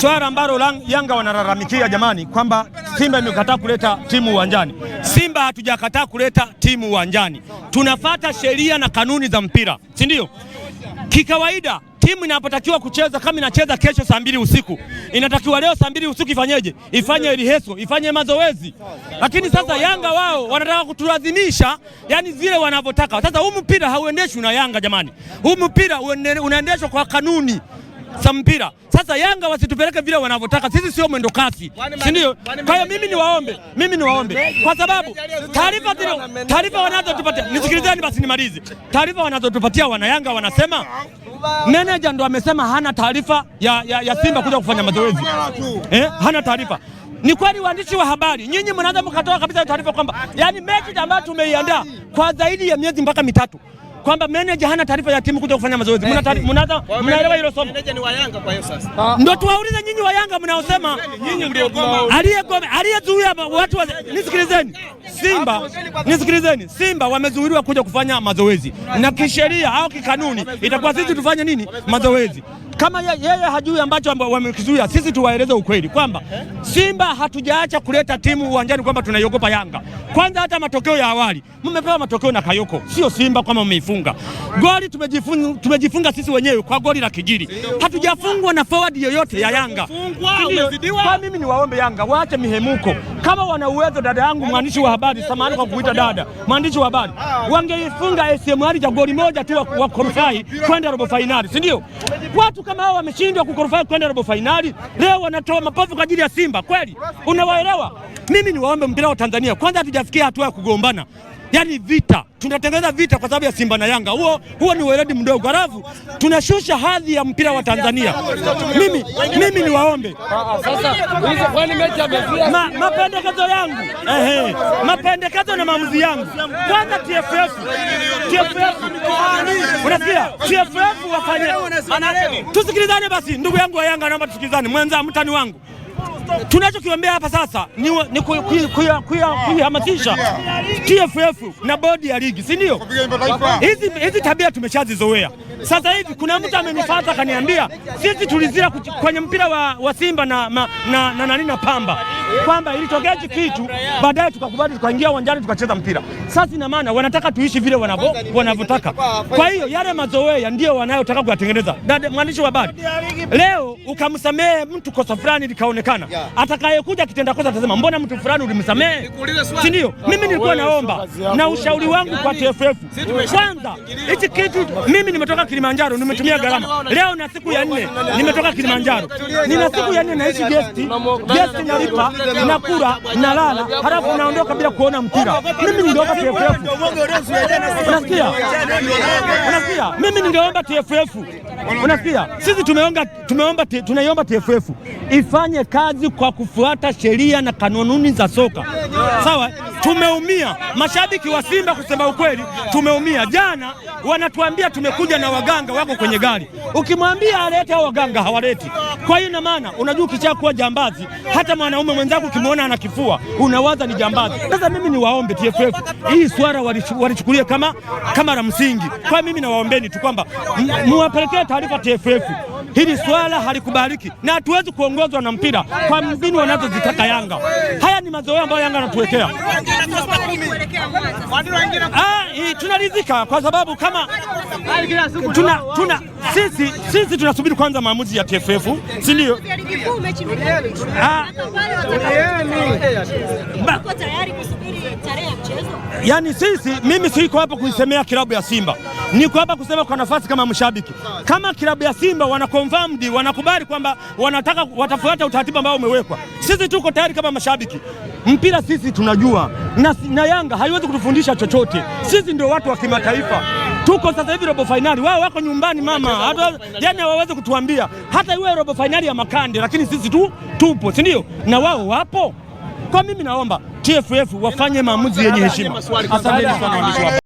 Swala ambalo Yanga wanalalamikia jamani, kwamba Simba imekataa kuleta timu uwanjani. Simba hatujakataa kuleta timu uwanjani, tunafata sheria na kanuni za mpira, si ndio? Kikawaida timu inapotakiwa kucheza, kama inacheza kesho saa mbili usiku, inatakiwa leo saa mbili usiku ifanyeje? Ifanye riheso, ifanye mazoezi. Lakini sasa Yanga wao wanataka kutulazimisha, yani zile wanavyotaka. Sasa huu mpira hauendeshwi na Yanga jamani, huu mpira unaendeshwa kwa kanuni za mpira. Sasa Yanga wasitupeleke vile wanavyotaka, sisi sio mwendo kasi, si ndio? Kwa hiyo mimi niwaombe, mimi niwaombe kwa sababu taarifa taarifa wanazotupatia, nisikilizeni basi nimalize. Taarifa wanazotupatia wana Yanga wanasema meneja ndo amesema hana taarifa ya, ya, ya Simba kuja kufanya mazoezi eh, hana taarifa ni kweli waandishi wa habari nyinyi mnaanza mkatoa kabisa taarifa kwamba, yani mechi ambayo tumeiandaa kwa zaidi ya miezi mpaka mitatu kwamba meneja hana taarifa ya timu kuja kufanya mazoezi. Mnaelewa hilo somo? Meneja ni wa Yanga kwa hiyo sasa. Ah. Ndio tuwaulize nyinyi wa Yanga mnaosema aliyegoma aliyezuia watu, nisikilizeni Simba, nisikilizeni, Simba wamezuiliwa kuja kufanya mazoezi na kisheria au kikanuni, itakuwa sisi tufanye nini mazoezi kama yeye hajui ambacho wamekizuia, sisi tuwaeleze ukweli kwamba Simba hatujaacha kuleta timu uwanjani kwamba tunaiogopa Yanga. Kwanza hata matokeo ya awali mmepewa matokeo na Kayoko, sio Simba kwamba mmeifunga goli. Tumejifunga, tumejifunga sisi wenyewe kwa goli la kijili, hatujafungwa na forward yoyote ya Yanga. Kwa mimi niwaombe Yanga waache mihemuko kama wana uwezo, dada yangu mwandishi wa habari, samahani kwa kuita dada, mwandishi wa habari, wangeifunga SMR ya goli moja tu wakorofai kwenda robo fainali, si ndio? Watu kama hao wameshindwa kukorofai kwenda robo fainali, leo wanatoa mapafu kwa ajili ya Simba. Kweli unawaelewa? Mimi niwaombe mpira wa Tanzania, kwanza hatujafikia hatua ya kugombana yani vita, tunatengeneza vita kwa sababu ya Simba na Yanga. Huo huo ni weledi mdogo, halafu tunashusha hadhi ya mpira wa Tanzania. Mimi mimi niwaombe Ma, mapendekezo yangu ehe, mapendekezo na maamuzi yangu kwanza, TFF TFF unasikia, TFF wafanye, tusikilizane basi. Ndugu yangu wa Yanga, naomba tusikilizane, mwenza mtani wangu tunachokiombea hapa sasa ni, ni kuihamasisha TFF na bodi ya ligi, si ndio? Hizi tabia tumeshazizoea. Sasa hivi kuna mtu amenifuata akaniambia, sisi tulizia kwenye mpira wa, wa Simba na na, na, na, na, na Pamba kwamba ilitokea hichi kitu, baadaye tukakubali, tukaingia uwanjani tukacheza mpira. Sasa ina maana wanataka tuishi vile wanavyotaka. Kwa hiyo yale mazoea ndio wanayotaka kuyatengeneza. Mwandishi wa habari leo, ukamsamehe mtu kosa fulani likaonekana, atakayekuja kitenda kosa atasema mbona mtu fulani ulimsamehe, si ndio? Mimi nilikuwa ah, naomba na ushauri wangu kwa TFF kwanza, hichi kitu mimi nimetoka Kilimanjaro nimetumia gharama. Leo na siku ya nne nimetoka Kilimanjaro, nina siku ya nne naishi gesti gesti, nalipa nakula nalala, halafu naondoka bila kuona mpira. Mimi ningeomba TFF, nasikia, nasikia, mimi ningeomba TFF Unasikia, sisi tumeomba tumeomba, tunaiomba TFF ifanye kazi kwa kufuata sheria na kanuni za soka, sawa. Tumeumia mashabiki wa Simba, kusema ukweli, tumeumia. Jana wanatuambia tumekuja na waganga wako kwenye gari, ukimwambia alete hao waganga hawaleti. Kwa hiyo na maana unajua, kuwa jambazi, hata mwanaume mwenzako ukimwona ana kifua unawaza ni jambazi. Sasa mimi niwaombe TFF hii swala walichukulia kama, kama la msingi. Kwa mimi nawaombeni tu kwamba muwapelekee taarifa TFF, hili swala halikubaliki na hatuwezi kuongozwa na mpira kwa mbinu wanazozitaka Yanga. Haya ni mazoea ambayo Yanga anatuwekea tunaridhika kwa sababu kama tuna, tuna, sisi, sisi tunasubiri kwanza maamuzi ya TFF, si ndio? Ah, yaani sisi, mimi siko hapa kuisemea kilabu ya Simba, niko hapa kusema kwa nafasi kama mshabiki. Kama kilabu ya Simba wana confirmed wanakubali kwamba wanataka watafuata utaratibu ambao umewekwa, sisi tuko tayari kama mashabiki mpira sisi tunajua na, na Yanga haiwezi kutufundisha chochote. Sisi ndio watu wa kimataifa, tuko sasa hivi robo fainali, wao wako nyumbani mama, hata yani hawawezi kutuambia hata iwe robo fainali ya makande, lakini sisi tu tupo, si ndio? Na wao wapo. Kwa mimi naomba TFF wafanye maamuzi yenye heshima. Asante sana.